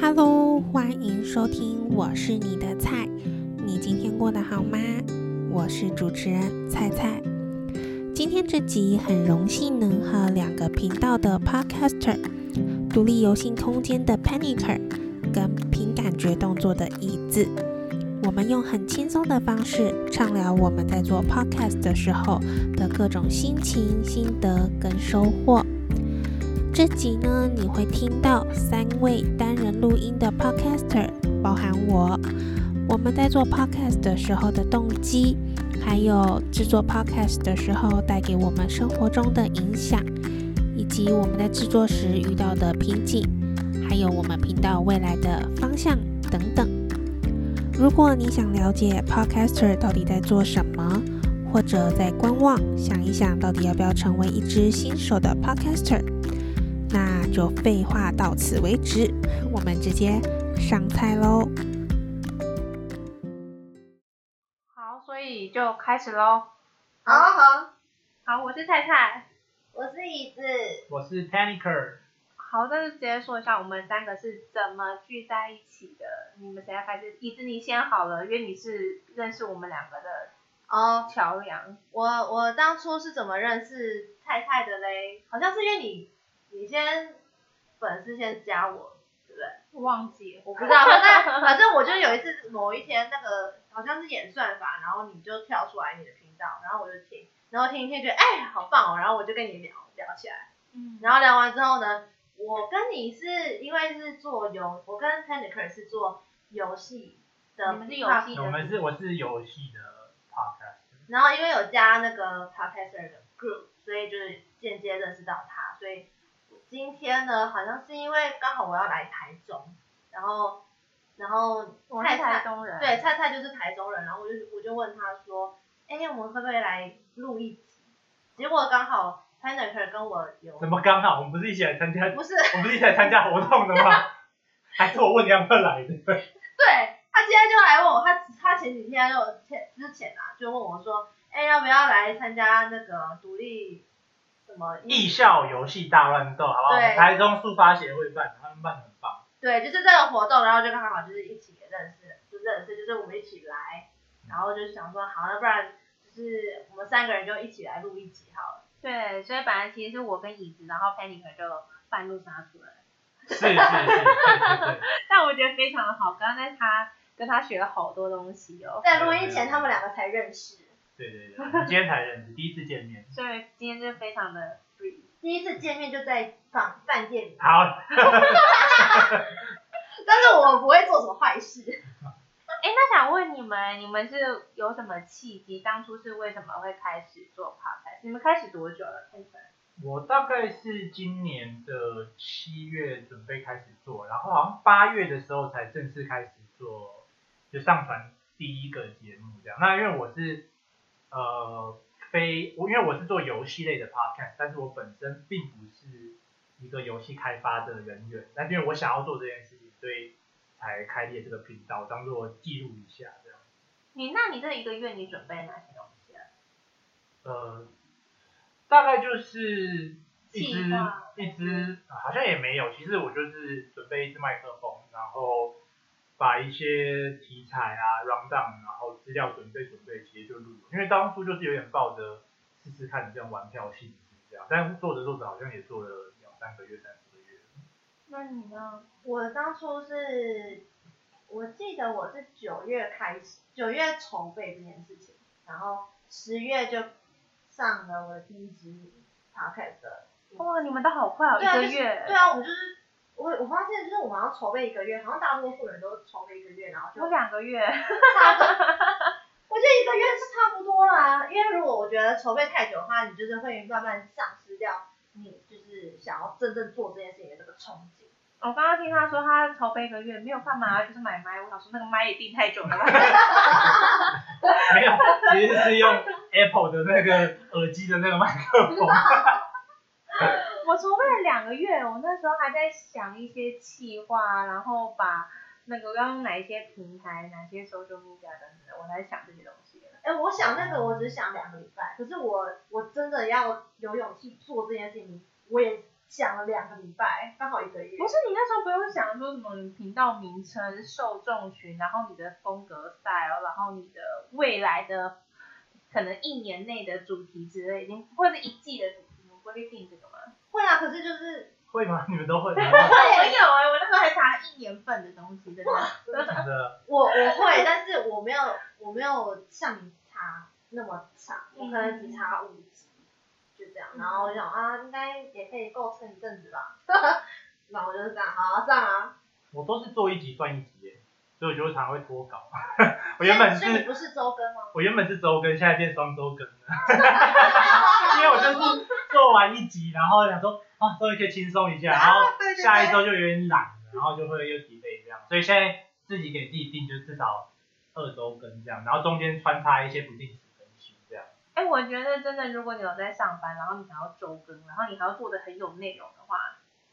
Hello，歡迎收聽，我是你的蔡。你今天過得好嗎？我是主持人蔡蔡。今天這集很榮幸能和兩個頻道的 Podcaster—— 獨立遊戲空間的 Panicer 跟憑感覺動作的椅子——我們用很輕鬆的方式暢聊我們在做 Podcast 的時候的各種心情、心得跟收穫。這集呢，你會聽到三位單人錄音的 podcaster，包含我。我們在做 podcast 的時候的動機，還有制作 podcast 的時候帶給我們生活中的影響，以及我們在制作時遇到的瓶頸，還有我們頻道未來的方向等等。如果你想了解 podcaster 到底在做什麼，或者在觀望，想一想到底要不要成為一只新手的 podcaster。就廢話到此為止，我們直接上菜嘍。好，所以就開始嘍。好，啊、好，好，好，我是蔡蔡，我是椅子，我是 Paniker。好，那就直接說一下，我們三個是怎麼聚在一起的？你們誰先開始？椅子，你先好了，因為你是認識我們兩個的哦。橋樑，我我當初是怎麼認識蔡蔡的嘞？好像是因為你，你先。粉絲先加我，對不對？我忘記了，我不知道。反正 反正我就有一次某一天那個好像是演算法，然後你就跳出來你的頻道，然後我就聽，然後聽一天覺得哎，好棒哦，然後我就跟你聊聊起來。然後聊完之後呢，我跟你是因為是做遊，我跟 p e n d e r c a r e 是做遊戲的，不是遊戲的。我們是我是遊戲的 podcast。然後因為有加那個 podcaster 的 group，所以就是間接認識到他，所以。今天呢，好像是因為剛好我要來台中，然後，然後蔡蔡對蔡蔡就是台中人，然後我就我就問他說，哎，我們會不會來錄一集？結果剛好 Panter 跟我有，什麼剛好？是我們不是一起來參加？不是，我們不是一起來參加活動的嗎？ 還是我問你要不要來的？對，對他今天就來問我，他他前幾天就前之前啊，就問我說，哎，要不要來參加那個獨立？藝校遊戲大亂鬥，對好不好？台中速發協會辦，他們辦很棒。對，就是這個活動，然後就剛好就是一起認識，就認識，就是我們一起來，然後就想說，好了，不然就是我們三個人就一起來錄一集好了。對，所以本來其實是我跟椅子，然後 Penny 就半路殺出來是。是是是 但我覺得非常的好，剛剛在他跟他學了好多東西哦。對對對對，在錄音前，他們兩個才認識。對對對，我今天才認識， 第一次見面，所以今天就非常的 free 第一次見面就在飯飯店裡，好， 但是我不會做什麼壞事。哎、 欸，那想問你們，你們是有什麼契機？當初是為什麼會開始做 Podcast？你們開始多久了？我大概是今年的七月準備開始做，然後好像八月的時候才正式開始做，就上傳第一個節目這樣。那因為我是。呃，非我因為我是做遊戲類的 Podcast，但是我本身並不是一個遊戲開發的人員，那因為我想要做這件事情，所以才開立這個頻道，當做記錄一下這樣。你那你這一個月你準備哪些東西啊？呃，大概就是一支划一支，好像也沒有，其實我就是準備一支麥克風，然後。把一些題材啊 run down，然後資料準備準備，直接就錄了。因為當初就是有點抱着試試看你這樣玩票性質這樣，但做着做着好像也做了兩三個月，三四個月。那你呢？我當初是，我記得我是九月開始，九月籌備這件事情，然後十月就上了我的第一集 podcast。哇對、哦，你們都好快哦，對啊、一個月。對啊，我就是。我我發現就是我們要籌備一個月，好像大多數人都籌備一個月，然後就兩個月， 我覺得一個月是差不多啦，因為如果我覺得籌備太久的話，你就是會慢慢喪失掉你就是想要真正做這件事情的這個憧憬。我剛剛聽他說他籌備一個月沒有幹嘛，就是買麥。我老說那個麥訂太久了。沒有，其實是用 Apple 的那個耳機的那個麥克風。 我籌備了兩個月，我那時候還在想一些企劃，然後把那個剛剛哪一些平台、哪些受眾目標等等，我在想這些東西。哎、欸，我想那個我只想兩個禮拜，可是我我真的要有勇氣做這件事情，我也想了兩個禮拜，剛好一個月。不是你那時候不用想說什麼頻道名稱、受眾群，然後你的風格、style，然後你的未來的可能一年內的主題之類，已經或者一季的主題、我規定這種。會啊，可是就是。會嗎？你們都會我 有哎、啊，我那時候還查一年份的東西在那，真的。真的。我我會，但是我沒有，我沒有像你查那麼差。我可能只查五集，嗯、就這樣。然後我想啊，應該也可以夠撐一陣子吧。那 我就是這樣，好，這樣啊。啊我都是做一集算一集耶。所以我經常，常會拖稿。 我原本是不是週更嗎？我原本是週更，現在變雙週更了哈哈哈哈哈，因為我就是做完一集，然後想說啊，做一些輕鬆一下，然後下一週就有點懶了，然後就會又疲憊這樣。所以現在自己給自己定，就至少二週更這樣，然後中間穿插一些不定時更新這樣。哎、欸，我覺得真的，如果你有在上班，然後你想要週更，然後你還要做的很有內容的話，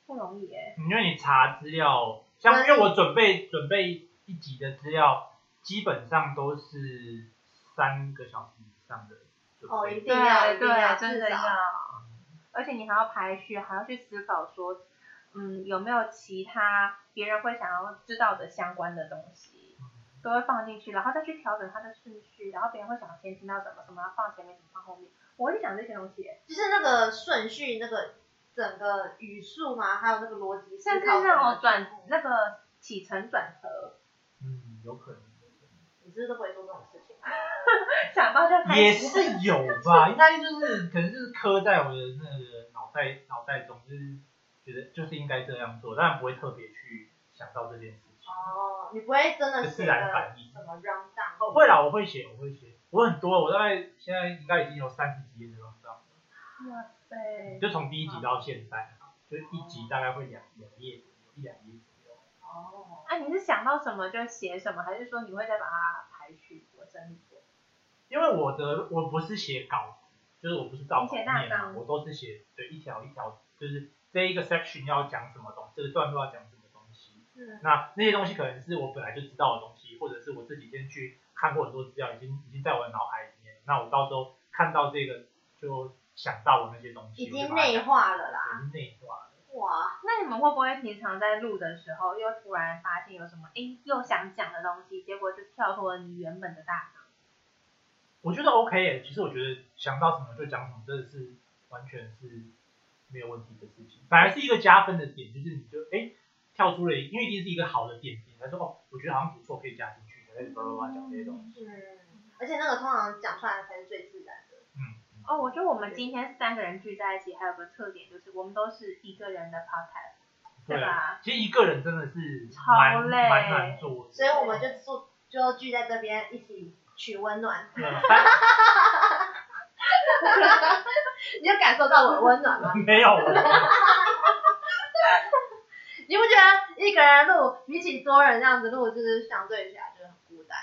不容易哎、欸。因為你查資料，像因為我準備、嗯、準備。一集的資料基本上都是三個小時以上的以哦，一定啊對啊，少真的要。嗯、而且你還要排序，還要去思考說，嗯，有沒有其他別人會想要知道的相關的東西、嗯、都會放進去，然後再去調整它的順序，然後別人會想先聽到什麼，什麼放前面，怎麼放後面。我會想這些東西，就是那個順序，那個整個語速嘛、啊，還有那個邏輯，現在是那種轉那個起承轉合。有可，有可能，你真是的不，是不會做這種事情， 想到就太也是有吧，應該 就是 可能就是刻在我的那個腦袋腦袋中，就是覺得就是應該這樣做，但不會特別去想到這件事情。哦，你不會真的是自然反應，什麼會啦，我會寫，我會寫，我很多，我大概現在應該已經有三十集哇塞，的就從第一集到現在，哦、就是一集大概會兩兩頁，一兩頁。哦，那、啊、你是想到什麼就寫什麼，還是說你會再把它排序？因為我的，我不是寫稿子，就是我不是照着念，我都是寫對一條一條，就是這一個 section 要講什麼東，這個段落要講什麼東西。是的那那些東西可能是我本來就知道的東西，或者是我這幾天去看過很多資料，已經已經在我的腦海裡面。那我到時候看到這個就想到我那些東西，已經內化了啦，已經內化了。哇，那你們會不會平常在錄的時候，又突然發現有什麼哎，又想講的東西，結果就跳脫了你原本的大綱。我覺得 OK 哎、欸，其實我覺得想到什麼就講什麼，這個是完全是沒有問題的事情，反而是一個加分的點，就是你就哎跳出了，因為一定是一個好的點點，他說哦，我覺得好像不錯，可以加進去，巴拉巴拉講那種。嗯，而且那個通常講出來才是最自然的。哦，我覺得我們今天三個人聚在一起，對還有個特點就是我們都是一個人的 podcast 對吧？其實一個人真的是超累，蠻難做，所以我們就住，就聚在這邊一起取溫暖。 你有感受到我的溫暖嗎？沒有。 你不覺得一個人錄比起多人這樣子錄，就是相對起來就很孤單？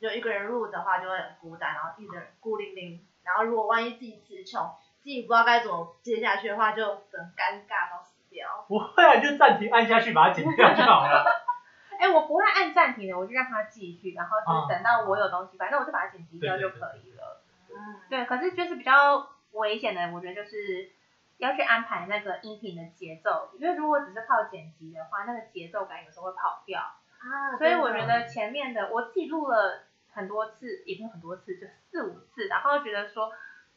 就一個人錄的話就會很孤單，然後一個人孤零零。然後如果萬一自己詞窮，自己不知道該怎麼接下去的話，就等尷尬到死掉。不會啊，就暫停按下去把它剪掉就好了。哎、 欸，我不會按暫停的，我就讓它繼續，然後就是等到我有東西，反正、嗯、我就把它剪輯掉就可以了。對，可是就是比較危險的，我覺得就是要去安排那個音頻的節奏，因為如果只是靠剪輯的話，那個節奏感有時候會跑掉。啊，所以我覺得前面的、嗯、我自己錄了。很多次，一共很多次，就四五次，然後覺得說，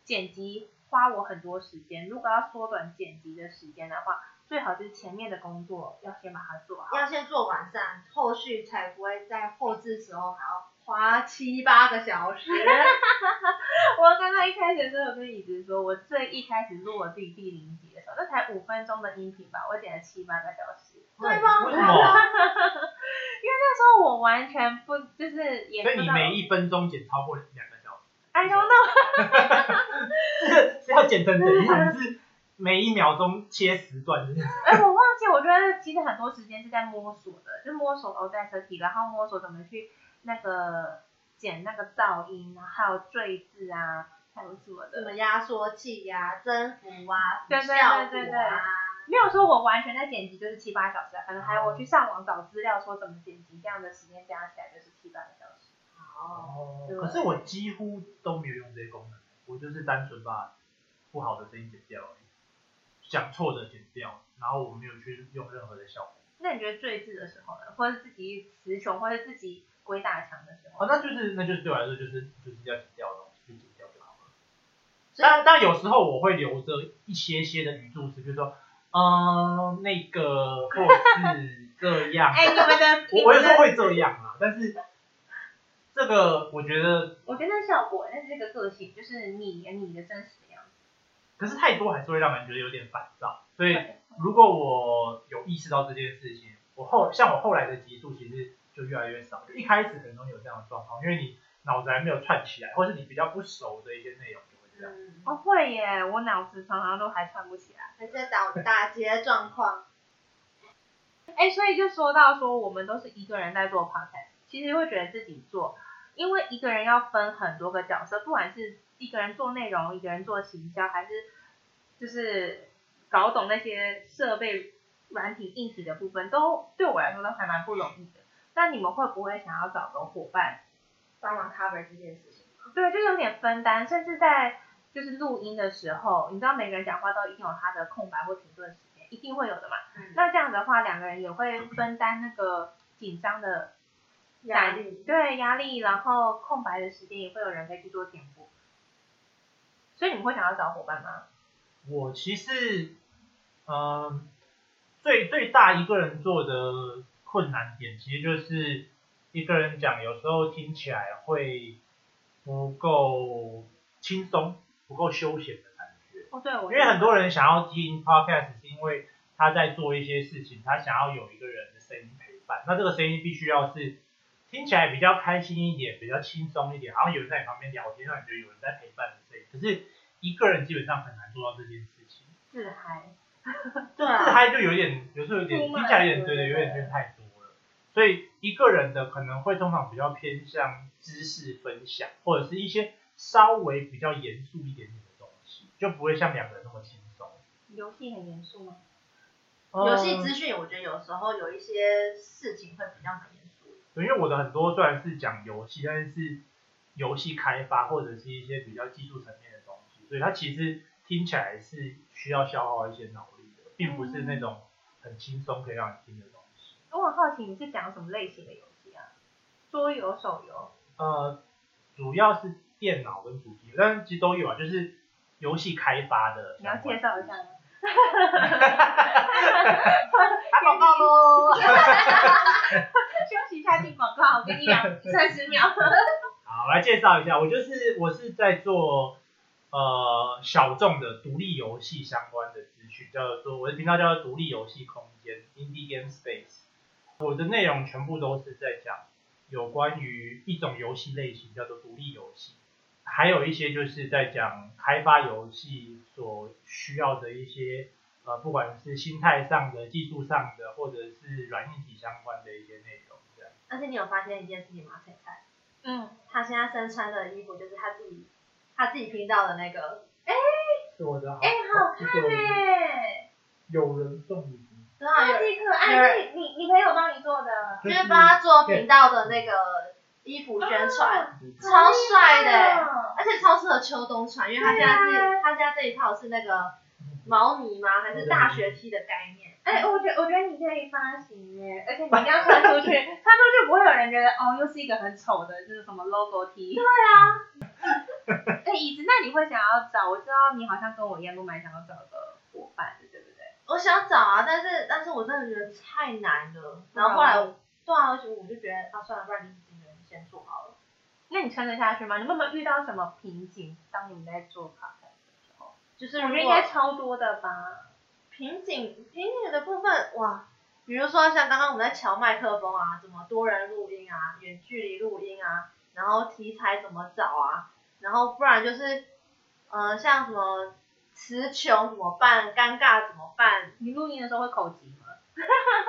剪輯花我很多時間。如果要縮短剪輯的時間的話，最好就是前面的工作要先把它做好，要先做完善，後續才不會在後製的時候還要花七八個小時。 我剛剛一開始的時候跟你直說，我最一開始錄我自己第零集的時候，那才五分鐘的音頻吧，我剪了七八個小時，對嗎吧？為什 那時候我完全不，就是也。所以你每一分鐘剪超過兩個小時？I don't know， 要剪成怎樣？ 你是每一秒鐘切十段是不是？哎， 我忘記。我覺得其實很多時間是在摸索的，就摸索 Audacity，然後摸索怎麼去那個剪那個噪音然後啊，還有贅字啊，還有什麼的？什麼壓縮器呀、啊、增幅啊，啊對對對沒有說，我完全在剪輯，就是七八小時，可能還有我去上網找資料，說怎麼剪輯，這樣的時間加起來就是七八個小時。哦，對可是我幾乎都沒有用這些功能，我就是單純把不好的聲音剪掉，講錯的剪掉，然後我沒有去用任何的效果。那你覺得最字的時候，呢？或者自己詞窮，或者自己鬼打牆的時候，哦？那就是，那就是對我來說，就是就是要剪掉的東西，去剪掉就好了。以但但有時候我會留着一些些的語助詞，就是說。嗯，那個或是這樣。哎、 欸，我有時候會這樣啊，但是這個我覺得，我覺得效果，但是這個個性就是你，你的真實的樣子。可是太多還是會讓人覺得有點煩躁，所以如果我有意識到這件事情，我後像我後來的集數其實就越來越少，就一開始可能有這樣的狀況，因為你腦子還沒有串起來，或是你比較不熟的一些內容。嗯、哦會耶，我腦子常常都還串不起來，還在打大街狀況。哎、欸，所以就說到說我們都是一個人在做 Podcast，其實會覺得自己做，因為一個人要分很多個角色，不管是一個人做內容，一個人做行銷，還是就是搞懂那些設備、軟體、硬體的部分，都對我來說都還蠻不容易的。但你們會不會想要找個夥伴幫忙 cover 這件事情？對，就有點分擔，甚至在。就是錄音的時候，你知道每個人講話都一定有他的空白或停頓時間，一定會有的嘛。嗯、那這樣的話，兩個人也會分擔那個緊張的壓力，對，壓力，然後空白的時間也會有人可以去做填補。所以你們會想要找夥伴嗎？我其實，嗯、呃，最最大一個人做的困難點，其實就是一個人講，有時候聽起來會不夠輕鬆。不夠休閒的感覺。哦，對，因為很多人想要聽 podcast，是因為他在做一些事情，他想要有一個人的聲音陪伴。那這個聲音必須要是聽起來比較開心一點，比較輕鬆一點，然後有人在旁邊聊天，讓你覺得有人在陪伴的聲音。可是一個人基本上很難做到這件事情。自嗨，對，自嗨就有點，有時候有點聽起來有點的對對，有點覺得太多了。對對對，所以一個人的可能會通常比較偏向知識分享，或者是一些。稍微比較嚴肅一點點的東西，就不會像兩個人那麼輕鬆。遊戲很嚴肅嗎？哦。遊戲資訊，我覺得有時候有一些事情會比較很嚴肅。對，因為我的很多雖然是講遊戲，但是遊戲開發或者是一些比較技術層面的東西，所以它其實聽起來是需要消耗一些腦力的，並不是那種很輕鬆可以讓你聽的東西。嗯，我很好奇你是講什麼類型的遊戲啊？桌遊、手遊？呃，嗯，主要是。電腦跟主機，但其實都有啊，就是遊戲開發的。你要介紹一下嗎？哈哈哈，廣告嘍！休息一下聽廣告，我跟你講三十秒。 好，我來介紹一下，我就是我是在做呃，小眾的獨立遊戲相關的資訊，叫做我的頻道叫做獨立遊戲空間 Indie Game Space。我的內容全部都是在講有關於一種遊戲類型叫做獨立遊戲。還有一些就是在講開發遊戲所需要的一些，呃，不管是心態上的、技術上的，或者是軟硬體相關的一些內容，是這樣。而且你有發現一件事情嗎，蔡蔡？嗯。他現在身穿的衣服就是他自己，他自己頻道的那個，哎、欸，是我的好，哎、欸，好，好看哎、欸哦。有人送你。超級可愛，你你朋友幫你做的，就是幫他做頻道的那個。衣服宣傳，哦、超帥的，哦、而且超適合秋冬穿，因為他家是，啊、他家這一套是那個毛呢嗎？還是大學 T 的概念？哎、欸，我覺得，我覺得你可以發行耶，而且你一定要穿出去，穿 出去不會有人覺得哦，又是一個很醜的，就是什麼 logo T。對啊。哎 欸，椅子，那你會想要找？我知道你好像跟我一樣都蠻想要找個伙伴的，對不對？我想找啊，但是，但是我真的覺得太難了。然,然後後來，對啊，我就覺得，啊，算了，不然你。先做好了，那你撐得下去嗎？你有沒有遇到什麼瓶頸？當你們在做卡片的時候，就是我們應該超多的吧。瓶頸，瓶頸的部分哇，比如說像剛剛我們在喬麥克風啊，怎麼多人錄音啊，遠距離錄音啊，然後題材怎麼找啊，然後不然就是，呃，像什麼詞窮怎麼辦？尷尬怎麼辦？你錄音的時候會口急嗎？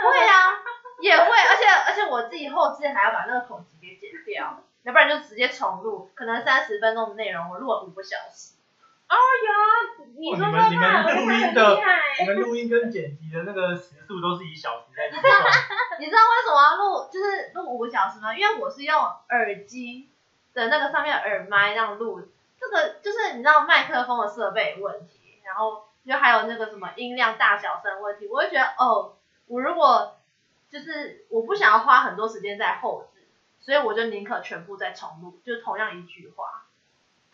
會 啊。也會，而且而且我自己後期，還要把那個口型給剪掉，要不然就直接重錄，可能三十分鐘的內容我錄了五個小時。哎、哦、呀，你們、哦、你們錄音的，你們錄音跟剪輯的那個時速都是以小時在 你知道為什麼錄就是錄五個小時嗎？因為我是用耳機的那個上面的耳麥這樣錄，這個就是你知道麥克風的設備問題，然後就還有那個什麼音量大小聲問題，我就覺得哦，我如果。就是我不想要花很多時間在後製，所以我就寧可全部再重錄，就同樣一句話，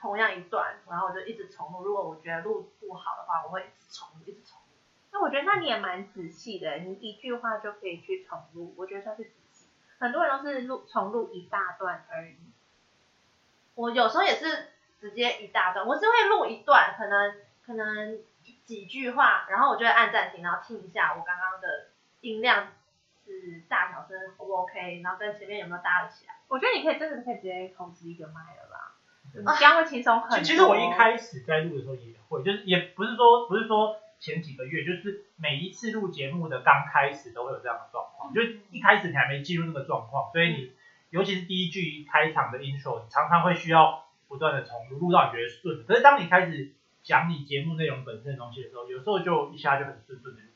同樣一段，然後我就一直重錄。如果我覺得錄不好的話，我會一直重錄，一直重錄。那我覺得那你也蠻仔細的欸，你一句話就可以去重錄，我覺得算是仔細。很多人都是錄，重錄一大段而已，我有時候也是直接一大段，我是會錄一段，可能可能幾句話，然後我就會按暫停，然後聽一下我剛剛的音量。是大小聲 O 不 OK，然後跟前面有沒有搭得起來？我覺得你可以真的可以直接投資一個麥了吧，你這樣會輕鬆很多。其實我一開始在錄的時候也會，就是也不是說不是說前幾個月，就是每一次錄節目的剛開始都會有這樣的狀況，嗯、就一開始你還沒進入那個狀況，所以你、嗯、尤其是第一句開場的 intro，你常常會需要不斷的重錄，錄到你覺得順。可是當你開始講你節目內容本身的東西的時候，有時候就一下就很順順的。嗯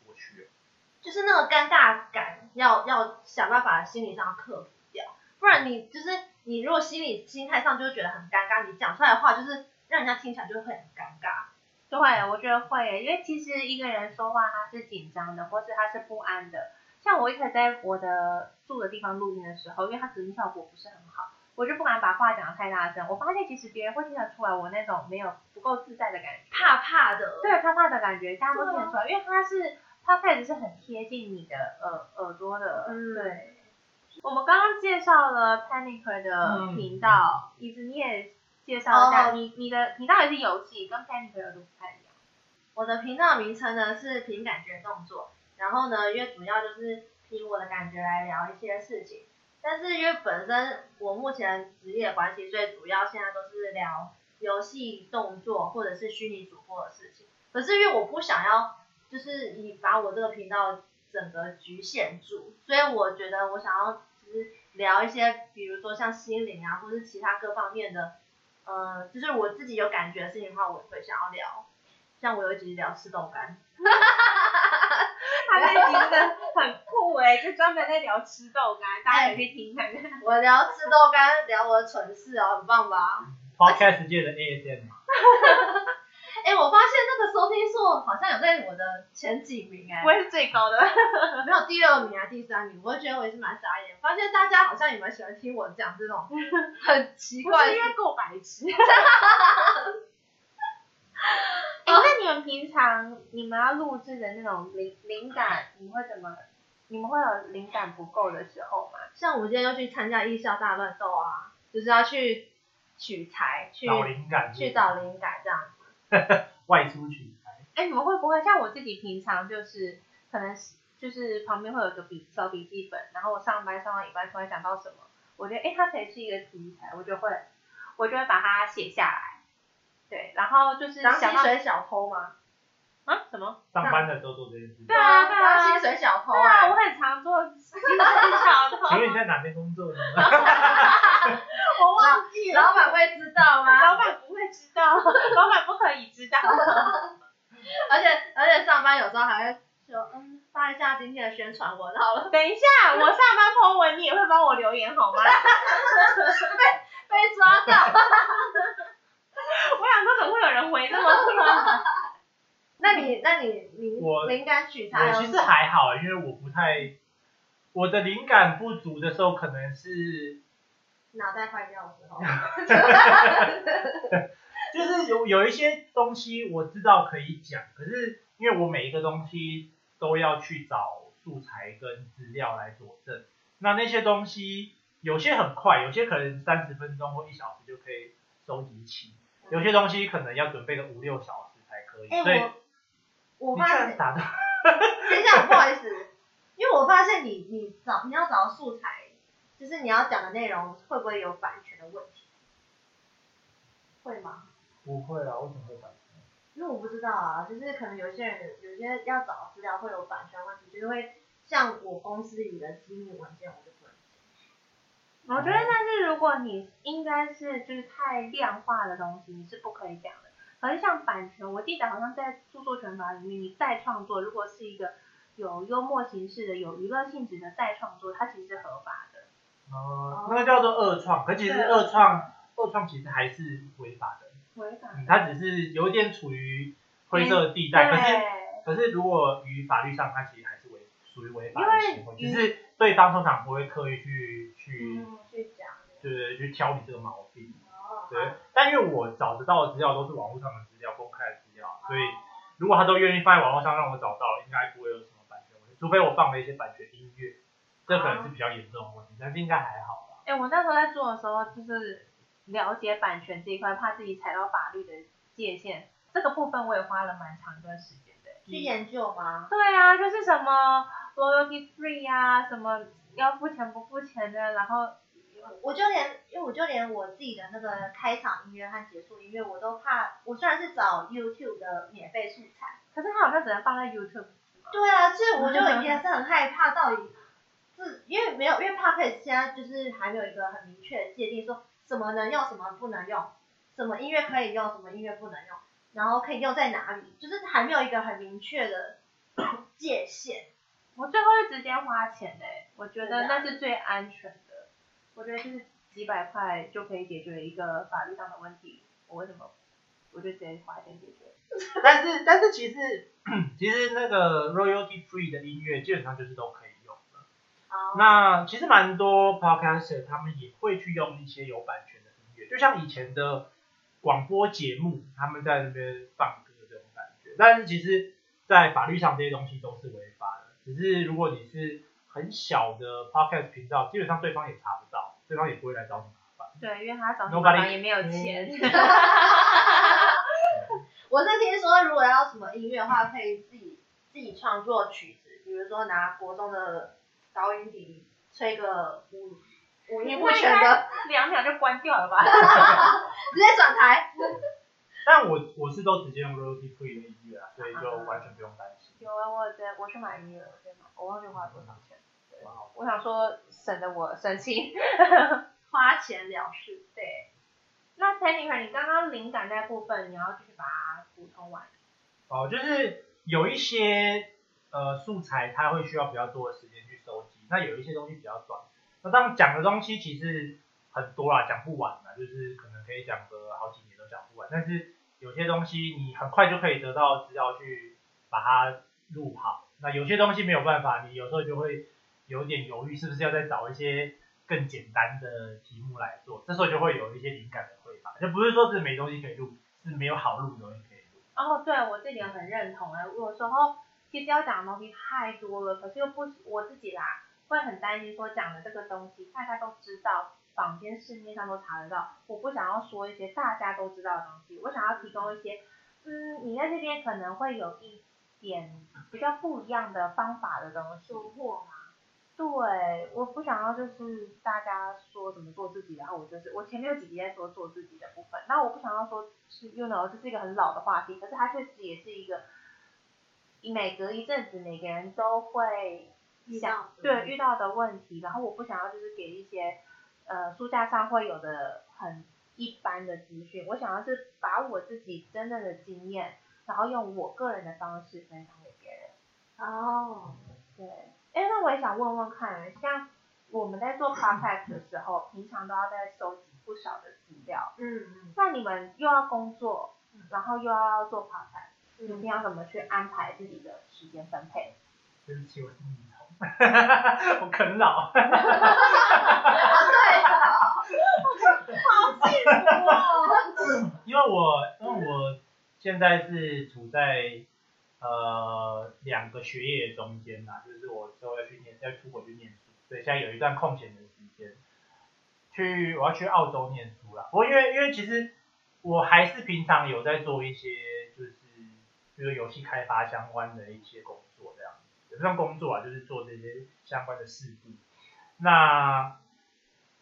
就是那個尷尬感，要要想辦法心理上克服掉，不然你就是你如果心理心態上就會覺得很尷尬，你講出來的話就是讓人家聽起來就會很尷尬。對，我覺得會，因為其實一個人說話他是緊張的，或是他是不安的。像我一開始在我的住的地方錄音的時候，因為他隔音效果不是很好，我就不敢把話講得太大聲。我發現其實別人會聽得出來我那種沒有不夠自在的感覺，怕怕的。對，怕怕的感覺，大家都聽得出來，啊、因為他是。它開始是很貼近你的耳耳朵的，嗯、對。我們剛剛介紹了 Panic 的頻道，其實，嗯、你也介紹了一下。哦、你你的你到底是遊戲跟 Panic 有什麼不太一樣？我的頻道名稱呢是憑感覺動作，然後呢，因為主要就是憑我的感覺來聊一些事情。但是因為本身我目前職業關係，最主要現在都是聊遊戲動作或者是虛擬主播的事情，可是因為我不想要。就是你把我這個頻道整個局限住，所以我覺得我想要就是聊一些，比如說像心靈啊，或是其他各方面的，呃，就是我自己有感覺的事情的話，我會想要聊。像我有一集聊吃豆乾， 他那一集很酷哎、欸，就專門在聊吃豆乾， 大家也可以聽看看。我聊吃豆乾， 聊我的蠢事啊，很棒吧？Podcast 界的 ASM。 哎、欸，我發現那個收聽數好像有在我的前幾名哎、欸，我也是最高的，沒有第六名啊，第三名。我覺得我也是蠻傻眼，發現大家好像也蠻喜歡聽我講這種很奇怪， 是因為夠白痴。哎，那你們平常你們要錄製的那種靈靈感，你們會怎麼？你們會有靈感不夠的時候嗎？像我今天要去參加藝校大亂鬥啊，就是要去取材，去靈感，去找靈感這樣。外出取材哎，你們、欸、會不會像我自己平常就是，可能就是旁邊會有個筆，小筆記本，然後我上班上到一半突然想到什麼，我覺得哎它可以是一個題材，我就會我就會把它寫下來。對，然後就是薪水小偷嗎？啊？什麼？上班的時候做這件事情？對啊，對啊，薪水小偷、欸、啊，我很常做薪水小偷。請問你在哪邊工作呢？ 後我忘記了。老闆會知道嗎？知道，老闆不可以知道。 而且而且上班有時候還會嗯發一下今天的宣傳文好了。等一下，我上班 PO 文，你也會幫我留言好嗎？ 被被抓到。 我想說怎麼會有人回那麼 那你那你你靈我感取材？我其實還好，因為我不太我的靈感不足的時候，可能是腦袋壞掉的時候。 就是有有一些東西我知道可以講，可是因為我每一個東西都要去找素材跟資料來佐證，那那些東西有些很快，有些可能三十分鐘或一小時就可以收集齊，有些東西可能要準備個五六小時才可以。欸、所以我我發現 等一下不好意思，因為我發現你你找你要找素材，就是你要講的內容會不會有版權的問題？會嗎？不會啊，為什麼會版權？因為我不知道啊，就是可能有些人有些要找資料會有版權問題，就是會像我公司裡的機密文件，我就不能。嗯、我覺得，但是如果你應該是就是太量化的東西，你是不可以講的。可是像版權，我記得好像在著作權法裡面，你再創作如果是一個有幽默形式的、有娛樂性質的再創作，它其實是合法的。嗯、哦，那個叫做二創，可是其實二創對二創其實還是違法的。違法、嗯，他只是有一點處於灰色地帶，欸、可是可是如果於法律上，他其實還是違屬於違法的行為，只是對方通常不會刻意去去、嗯、去講，對、就是、去挑你這個毛病。哦、對。哦、但因為我找得到的資料都是網絡上的資料，公開的資料，哦、所以如果他都願意放在網絡上讓我找到，應該不會有什麼版權問題，除非我放了一些版權音樂，這可能是比較嚴重的問題，哦、但是應該還好吧。哎、欸，我那時候在做的時候就是。了解版權這一塊，怕自己踩到法律的界限，這個部分我也花了蠻長一段時間的去研究嗎？嗯，對啊，就是什麼 royalty free 啊，什麼要付錢不付錢的，然後我就連，因為我就連我自己的那個開場音樂和結束音樂，我都怕，我雖然是找 YouTube 的免費素材，可是它好像只能放在 YouTube。對啊，所以我就以前是很害怕，害怕是，到底是，因為沒有，因為 podcast 現在就是還沒有一個很明確的界定說。怎麼能用什麼不能用，什麼音樂可以用，什麼音樂不能用，然後可以用在哪裡，就是還沒有一個很明確的界限。我最後就直接花錢嘞、欸，我覺得那、啊、是最安全的。我覺得就是幾百塊就可以解決一個法律上的問題，我為什麼我就直接花錢解決？但是但是其實其實那個 royalty free 的音樂基本上就是都可以。好那其實蠻多 podcaster 他們也會去用一些有版權的音樂，就像以前的廣播節目，他們在那邊放歌這種感覺。但是其實，在法律上這些東西都是違法的。只是如果你是很小的 podcast 頻道，基本上對方也查不到，對方也不會來找你麻煩。對，因為他找你麻煩也沒有錢。哈哈哈，我是聽說，如果要什麼音樂的話，可以自己自己創作曲子，比如說拿國中的。導演頂，吹個五五音不全的，兩秒就關掉了吧， 直接轉台。但我我是都直接用 royalty free 的音樂啊，所以就完全不用擔心。有啊，我在我去買音樂軟件，我忘記花多少錢。我想說省得我生氣，花錢了事。對，那 Penny 你,你剛剛靈感那部分，你要繼續把它補充完。哦，就是有一些呃素材，它會需要比較多的時間。那有一些東西比較短，那當講的東西其實很多啦，講不完嘛，就是可能可以講個好幾年都講不完。但是有些東西你很快就可以得到資料去把它錄好。那有些東西沒有辦法，你有時候就會有點猶豫，是不是要再找一些更簡單的題目來做？這時候就會有一些靈感的匱乏，就不是說是沒東西可以錄，是沒有好錄的東西可以錄。哦，對，我這點很認同哎，我，有時候其實要講的東西太多了，可是又不我自己啦。會很擔心說，講的這個東西，大家都知道，坊間市面上都查得到。我不想要說一些大家都知道的東西，我想要提供一些，嗯，你在這邊可能會有一點比較不一樣的方法的這種收穫嘛。對，我不想要就是大家說怎麼做自己，然後我就是我前面有幾集在說做自己的部分，那我不想要說是 you know，這是一個很老的話題，可是它確實也是一個，你每隔一陣子每個人都會。想像對遇到的問題，嗯、然後我不想要就是給一些，呃書架上會有的很一般的資訊，我想要是把我自己真正的經驗，然後用我個人的方式分享給別人。哦，對，哎那我也想問問看，像我們在做 Podcast 的時候， 平常都要在收集不少的資料。嗯嗯。嗯那你們又要工作，嗯、然後又要做 Podcast，平、嗯、要怎麼去安排自己的時間分配？就是嗯。哈哈哈， 我啃老，哈哈哈幸福。因為我因為我現在是處在呃兩個學業中間嘛，就是我之後要去念，要出國去念書，所以現在有一段空閒的時間，去我要去澳洲念書了。不過因為因為其實我還是平常有在做一些就是，這個遊戲開發相關的一些工作。這項工作啊，就是做這些相關的事務。那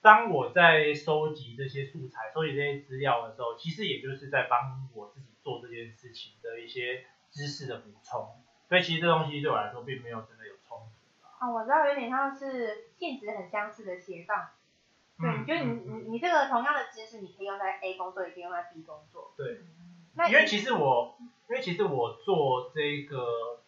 當我在收集這些素材、收集這些資料的時候，其實也就是在幫我自己做這件事情的一些知識的補充。所以其實這東西對我來說，並沒有真的有衝突。啊、哦，我知道，有點像是性質很相似的斜槓。對，嗯、就你你、嗯、你這個同樣的知識，你可以用在 A 工作，也可以用在 B 工作。對。那你因為其實我，因為其實我做這個。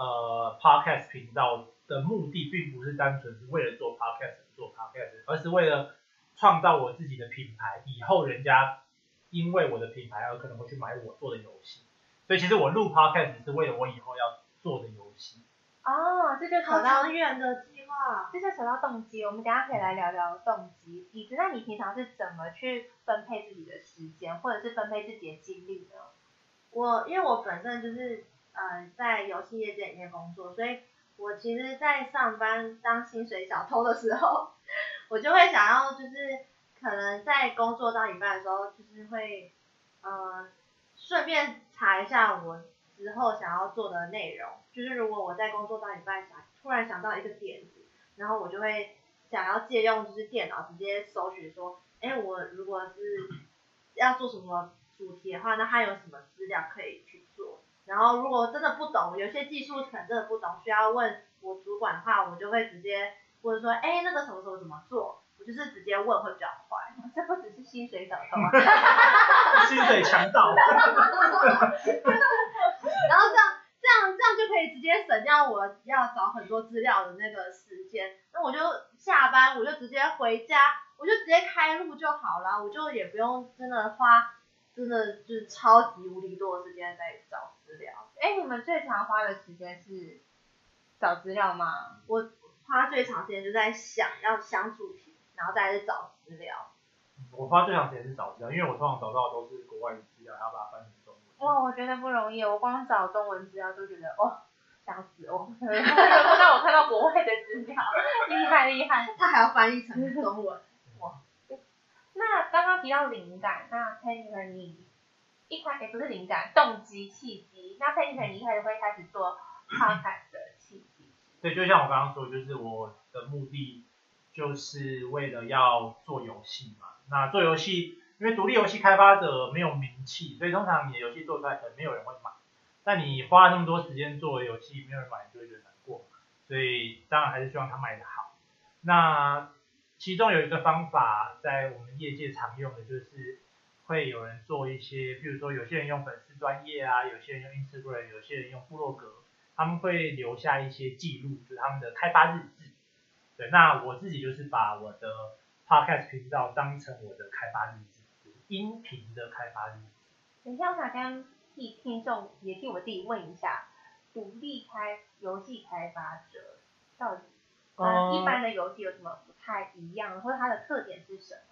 呃，Podcast 頻道的目的並不是單純是為了做 Podcast 做 Podcast，而是為了創造我自己的品牌，以後人家因為我的品牌而可能會去買我做的遊戲。所以其實我錄 Podcast 是為了我以後要做的遊戲。哦，這就很長遠的計劃，這就扯到動機。我們等下可以來聊聊動機。嗯，你知道你平常是怎麼去分配自己的時間，或者是分配自己的精力呢？我因為我本身就是。呃，在遊戲業界裡面工作，所以我其實，在上班當薪水小偷的時候，我就會想要，就是可能在工作到一半的時候，就是會，呃，順便查一下我之後想要做的內容，就是如果我在工作到一半想突然想到一個點子，然後我就會想要借用就是電腦直接搜尋說，哎、欸，我如果是要做什麼主題的話，那還有什麼資料可以？然後如果真的不懂，有些技術真的不懂，需要問我主管的話，我就會直接或者說，哎，那個什麼時候怎麼做？我就是直接問會比較快。這不只是薪水省到嗎、啊？ 薪水強盜。然後這樣這樣這樣就可以直接省掉我要找很多資料的那個時間。那我就下班，我就直接回家，我就直接開錄就好了，我就也不用真的花真的就是超級無敵多的時間在找。哎、欸，你們最常花的時間是找資料嗎？嗯、我花最長時間就在想要想主題，然後再來找資料。我花最長時間是找資料，因為我通常找到的都是國外的資料，要把它翻成中文。哇、哦，我覺得不容易，我光找中文資料就覺得哦，想死我。那 我看到國外的資料，厲害厲害。他還要翻譯成中文， 哇。那剛剛提到靈感，那 Katie 你？你一款也不是靈感，動機契機。那蔡依定一開始會開始做抗戰的契機？對，就像我剛剛說，就是我的目的就是為了要做遊戲嘛。那做遊戲，因為獨立遊戲開發者沒有名氣，所以通常你的遊戲做出來很沒有人會買。但你花了那麼多時間做遊戲，沒有人買，你就會覺得難過。所以當然還是希望他賣得好。那其中有一個方法，在我們業界常用的就是。會有人做一些，比如說有些人用粉絲專頁啊，有些人用 Instagram，有些人用部落格，他們會留下一些記錄，就是他們的開發日志。對，那我自己就是把我的 podcast 頻道當成我的開發日志，就是、音頻的開發日志。等一下，我想跟聽眾也替我自己問一下，獨立開遊戲開發者到底跟、嗯嗯、一般的遊戲有什麼不太一樣，或者它的特點是什麼？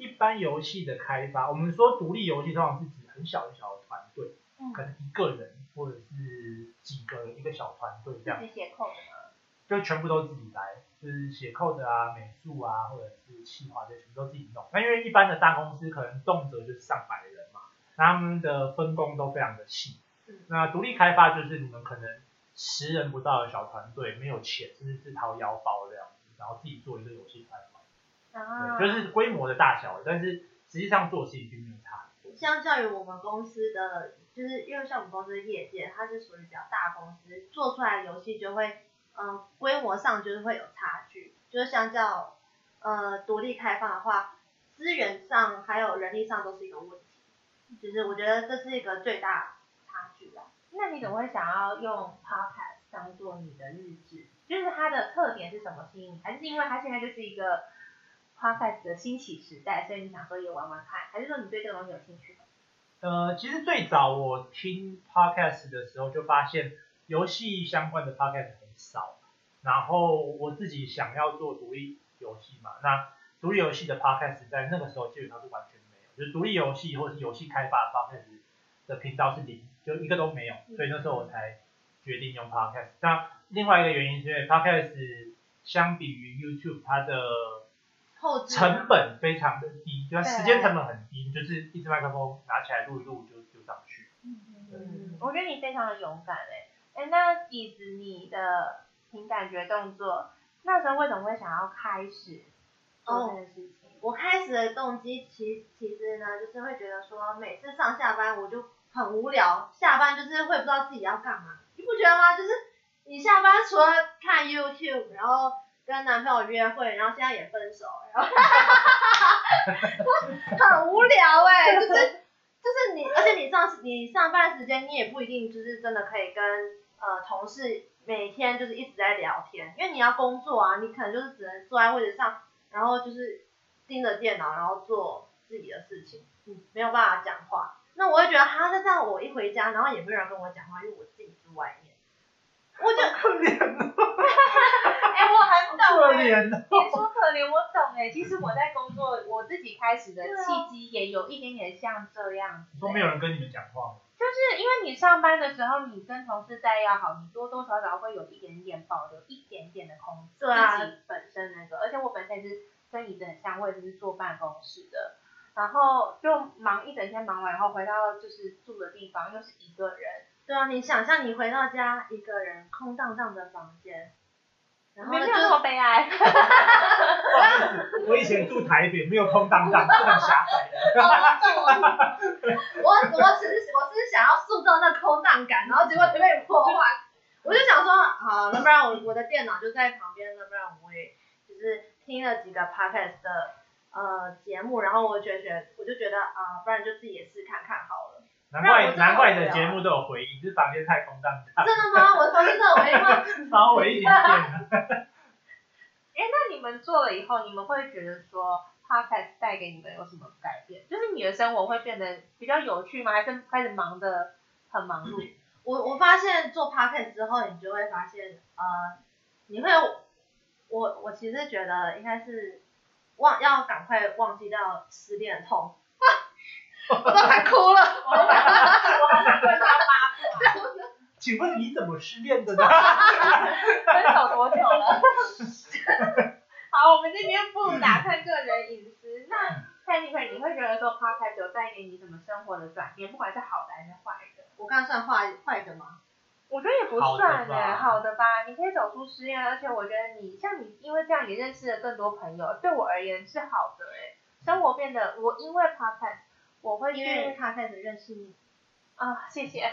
一般遊戲的開發，我們說獨立遊戲，通常是指很小很小的團隊，嗯、可能一個人或者是幾個一個小團隊這樣子。寫 code 嗎？、呃、就全部都自己來，就是寫 code 啊，美術啊，或者是企劃的全部都自己弄。那因為一般的大公司可能動輒就是上百人嘛，那他們的分工都非常的細。嗯、那獨立開發就是你們可能十人不到的小團隊，沒有錢，就是自掏腰包這樣子，然後自己做一個遊戲團隊。啊、就是規模的大小，但是實際上做事已經沒有差。相較於我們公司的，就是因為像我們公司的業界，它是屬於比較大公司，做出來的遊戲就會，嗯、呃，規模上就是會有差距，就是相較，呃，獨立開發的話，資源上還有人力上都是一個問題，就是我覺得這是一個最大差距啦。那你怎麼會想要用 Podcast 當做你的日誌？就是它的特點是什麼吸引你？還是因為它現在就是一個 podcast 的興起時代，所以你想說也玩玩看，還是說你對這個東西有興趣？呃，其實最早我聽 podcast 的時候就發現，遊戲相關的 podcast 很少。然後我自己想要做獨立遊戲嘛，那獨立遊戲的 podcast 在那個時候基本上是完全沒有，就是獨立遊戲或者是遊戲開發的 podcast 的頻道是零，就一個都沒有。嗯。所以那時候我才決定用 podcast。那另外一個原因就是因為 podcast 相比於 YouTube 它的，成本非常的低，對吧？時間成本很低，對就是一支麥克風拿起來錄一錄就就上去。嗯嗯嗯。我覺得你非常的勇敢哎、欸，哎、欸，那椅子你的憑感覺動作，那時候為什麼會想要開始做這件事情？Oh, 我開始的動機，其其實呢，就是會覺得說每次上下班我就很無聊，下班就是會不知道自己要幹嘛，你不覺得嗎？就是你下班除了看 YouTube，然後。跟男朋友約會，然後現在也分手，然後 很無聊哎、欸， 就是就是你，而且你上你上班時間，你也不一定就是真的可以跟呃同事每天就是一直在聊天，因為你要工作啊，你可能就是只能坐在位置上，然後就是盯着電腦，然後做自己的事情，嗯，沒有辦法講話。那我會覺得哈、啊，那這樣我一回家，然後也沒人跟我講話，因為我自己在外面，我就可憐。 我很懂哎、欸，你、哦、說可憐，我懂哎、欸。其實我在工作，我自己開始的契機也有一點點像這樣子、欸。都沒有人跟你們講話？就是因為你上班的時候，你跟同事再要好，你多多少少會有一點點保留，一點點的空。對啊，自己本身那個，而且我本身也是跟你等很像，我也是坐辦公室的。然後就忙一整天，忙完然後回到就是住的地方，又是一個人。對啊，你想象你回到家，一個人空蕩蕩的房間。沒有那麼悲哀，哈哈哈哈哈。我以前住台北，沒有空蕩蕩，是很狹窄的，哈哈哈哈哈。我我只是我是想要塑造那空蕩感，然後結果被破壞。 我就想說，好，要不然我我的電腦就在旁邊，要 不然我，我也就是聽了幾個 podcast 的呃節目，然後我覺得我就覺得啊、呃，不然就自己也試看看好了。難怪、啊、難怪你的節目都有回音，啊是啊、是反這房間太空蕩，真的嗎？我房間都有回音。稍微 一點點。哎，那你們做了以後，你們會覺得說 podcast、嗯、帶給你們有什麼改變？就是你的生活會變得比較有趣嗎？還是開始忙得很忙碌？嗯、我我發現做 podcast 之後，你就會發現，呃，你會，我我其實覺得應該是忘要趕快忘記掉失戀的痛。我都快哭了，我我哈想哈他哈哈！ 請問你怎麼失戀的呢？哈哈，分手多久了？ 好，我們這邊不打探個人隱私。嗯、那蔡麗佩，會你會覺得說 Podcast 帶給你什麼生活的轉變？不管是好的還是壞的？我剛剛算壞壞的嗎？我覺得也不算哎、欸，好的吧。你可以走出失戀，而且我覺得你，像你，因為這樣你認識了更多朋友。對我而言是好的哎、欸，生活變得我因為 Podcast 我會去因為 Podcast 認識你、嗯、啊，謝謝，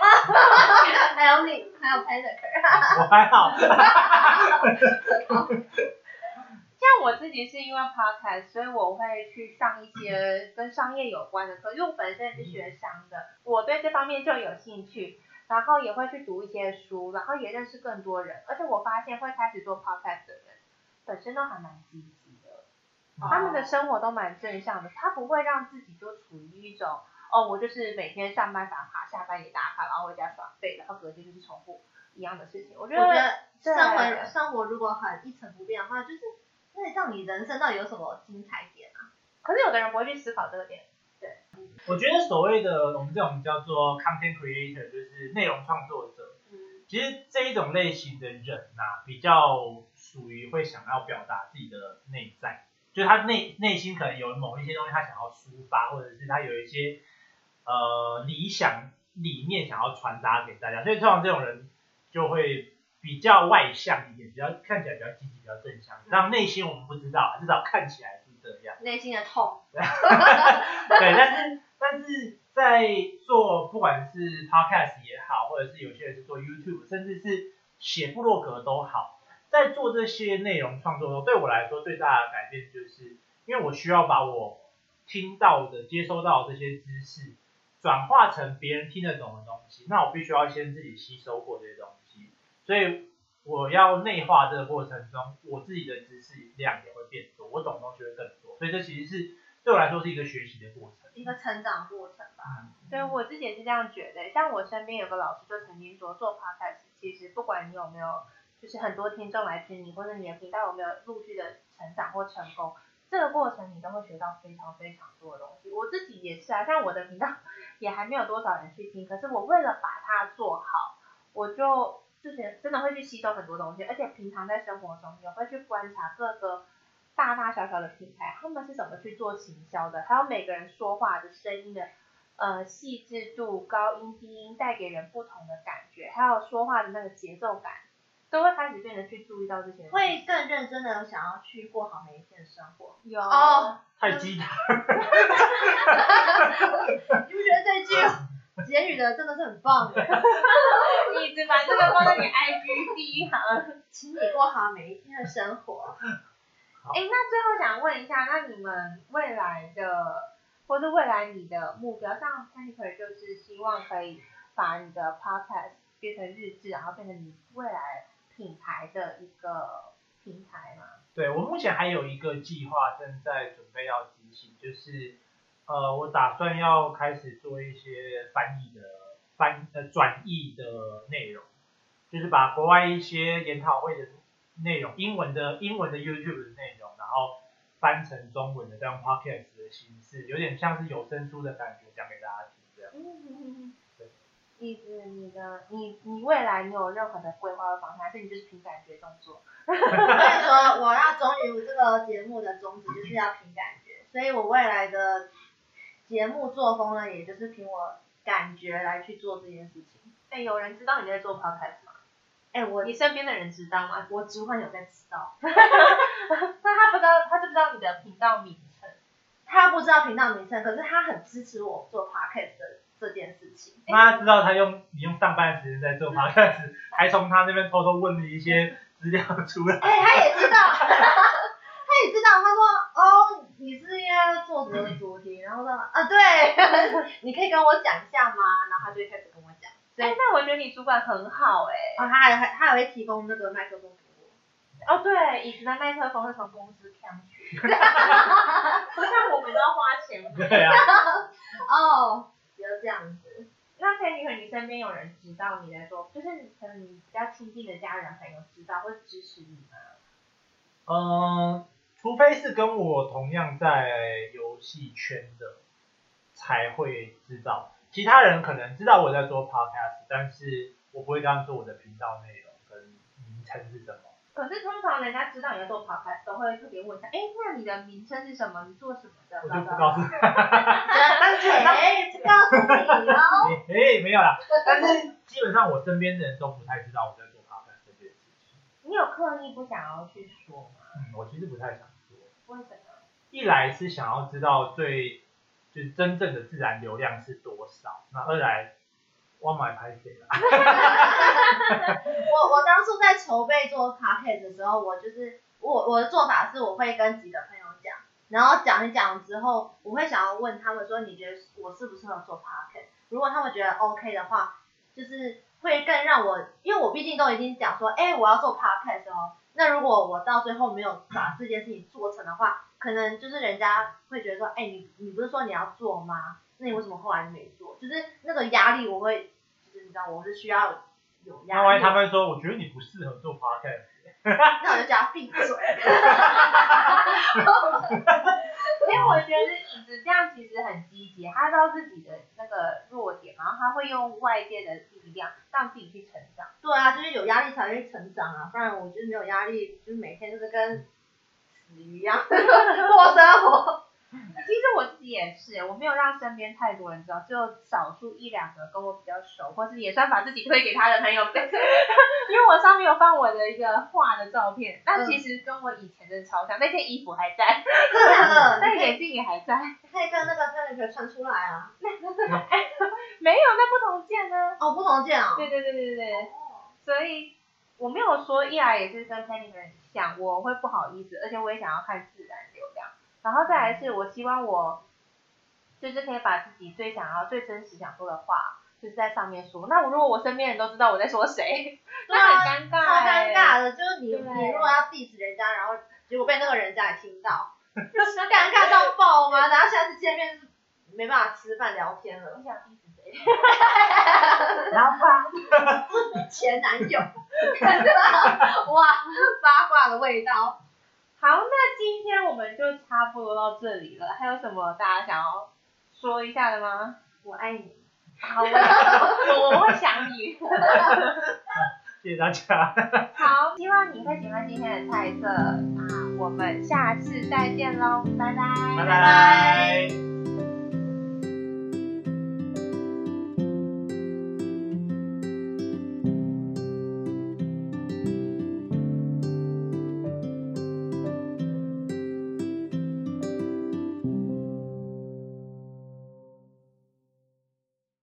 還有你，還有 Podcast 我還好， 像我自己是因為 Podcast，所以我會去上一些跟商業有關的課，因為我本身是學商的，嗯、我對這方面就有興趣，然後也會去讀一些書，然後也認識更多人，而且我發現會開始做 Podcast 的人，本身都還蠻機。哦、他們的生活都蠻正向的，他不會讓自己就處於一種，哦，我就是每天上班打卡，下班也打卡，然後回家耍廢，對，然後隔天就是重複一樣的事情。我覺得，我覺得生活對生活如果很一成不變的話，就是那讓你人生到底有什麼精彩點啊？可是有的人不會去思考這個點。對，我覺得所謂的我們這種叫做 content creator，就是內容創作者，嗯、其實這一種類型的人吶、啊，比較屬於會想要表達自己的內在。就他內內心可能有某一些東西，他想要抒發，或者是他有一些呃理想理念想要傳達給大家。所以通常這種人，就會比較外向一點，比較看起來比較積極、比較正向。然後內心我們不知道，至少看起來是這樣。內心的痛。 對，但是 但是在做不管是 Podcast 也好，或者是有些人是做 YouTube，甚至是寫部落格都好。在做這些內容創作中，對我來說最大的改變就是，因為我需要把我聽到的、接收到這些知識，轉化成別人聽得懂的東西，那我必須要先自己吸收過這些東西，所以我要內化這個過程中，我自己的知識量也會變多，我懂的東西會更多，所以這其實是對我來說是一個學習的過程，一個成長過程吧。嗯、所以我自己也是這樣覺得，像我身邊有個老師就曾經說，做 podcast 其實不管你有沒有。就是很多聽眾來聽你，或者你的頻道有沒有陸續的成長或成功，這個過程你都會學到非常非常多的東西。我自己也是啊，像我的頻道也還沒有多少人去聽，可是我為了把它做好，我就之前真的會去吸收很多東西，而且平常在生活中也會去觀察各個大大小小的品牌，他們是怎麼去做行銷的，還有每個人說話的聲音的，呃，細緻度、高音、低音帶給人不同的感覺，還有說話的那個節奏感，都會開始變得去注意到這些，會更認真的想要去過好每一天的生活。有，太雞湯，IG. 你不覺得這句結語的真的是很棒耶？ 你一直把這個放在你 IG 第一行，請你過好每一天的生活。哎好，那最後想問一下，那你們未來的，或是未來你的目標，上 t a n 就是希望可以把你的 Podcast 變成日誌，然後變成你未來品牌的一個平台嘛。對，我目前還有一個計劃正在準備要執行，就是，呃，我打算要開始做一些翻譯的翻呃轉譯的內容，就是把國外一些研討會的內容、英文的英文的 YouTube 的內容，然後翻成中文的這樣 Podcast 的形式，有點像是有聲書的感覺，講給大家聽這樣。 意思你的你你未來沒有任何的規劃和方法，所以你就是憑感覺動作？ 所以說我要忠於這個節目的宗旨，就是要憑感覺，所以我未來的節目作風呢，也就是憑我感覺來去做這件事情。哎，有人知道你在做 Podcast 嗎？哎，我你身邊的人知道嗎？我只會有在知道，那 他不知道，他就不知道你的頻道名稱，他不知道頻道名稱，可是他很支持我做 Podcast 的。這件事情，欸、那他知道他用你用上班時間在做嗎？開是還從他那邊偷偷問了一些資料出來。哎、欸，他也知道， 他也知道。他說哦，你是要做什麼主題？嗯、然後說啊，對， 你可以跟我講一下嗎？然後他就開始跟我講。哎、欸，那我覺得你主管很好哎、欸。啊，他還他還會提供那個麥克風給我。哦，對，以前的麥克風會從公司搶。哈哈不像我們都要花錢。對呀、啊。 哦。就這樣子，那陪你和你身邊有人知道你在做，就是你可能比較親近的家人、朋友知道或支持你嗎？嗯、呃，除非是跟我同樣在遊戲圈的才會知道，其他人可能知道我在做 podcast，但是我不會跟他們說我的頻道內容跟名稱是什麼。可是通常人家知道你要做 Podcast，都會特別問一下，哎，那你的名稱是什麼？你做什麼的？我就不告訴你。哈哈哈哈哈。但是哎，沒有啦。 但是基本上我身邊的人都不太知道我在做 Podcast 這件事情。你有刻意不想要去說嗎？嗯，我其實不太想說。為什麼？一來是想要知道最，就是真正的自然流量是多少。那二來，我蠻怕水啦籌備做 podcast 的時候，我就是我我的做法是，我會跟幾個朋友講，然後講一講之後，我會想要問他們說，你覺得我適不適合做 podcast？如果他們覺得 OK 的話，就是會更讓我，因為我畢竟都已經講說，哎、欸，我要做 podcast 候、哦、那如果我到最後沒有把這件事情做成的話，可能就是人家會覺得說，哎、欸，你你不是說你要做嗎？那你為什麼後來沒做？就是那個壓力，我會就是你知道，我是需要。那、啊、萬一他們說，我覺得你不適合做 Podcast 那我就叫他閉嘴。因為 我覺得其實這樣其實很積極，他知道自己的那個弱點，然後他會用外界的力量讓自己去成長。對啊，就是有壓力才會成長啊，不然我覺得沒有壓力，就是每天就是跟死魚一樣過 生活。其實我自己也是，我沒有讓身邊太多人知道，就少數一兩個跟我比較熟，或是也算把自己推給他的朋友。因為我上面有放我的一個畫的照片，那其實跟我以前的超像，那件衣服還在，那、嗯嗯、但眼鏡也還在。那、嗯、以,以,以那個那個穿出來啊？那 沒有，那不同件呢、啊？哦，不同件啊？對,對對對對對。哦、所以我沒有說一來也是跟 Penny 我會不好意思，而且我也想要看自然。然後再來是，我希望我就是可以把自己最想要、最真實想說的話，就是在上面說。那我如果我身邊人都知道我在說誰，啊、那很尷尬、欸，超尷尬的。就是你，對你如果要 diss 人家，然後結果被那個人家也聽到，那 尷尬到爆嘛對然後下次見面是沒辦法吃飯聊天了。我想 diss 誰？ 然後然前男友，哇，八卦的味道。好，那今天我們就差不多到這裡了。還有什麼大家想要說一下的嗎？我愛你。好吧， 我會想你。 謝謝大家。好，希望你會喜歡今天的菜色，那我們下次再見嘍，拜拜。拜拜 bye。Bye bye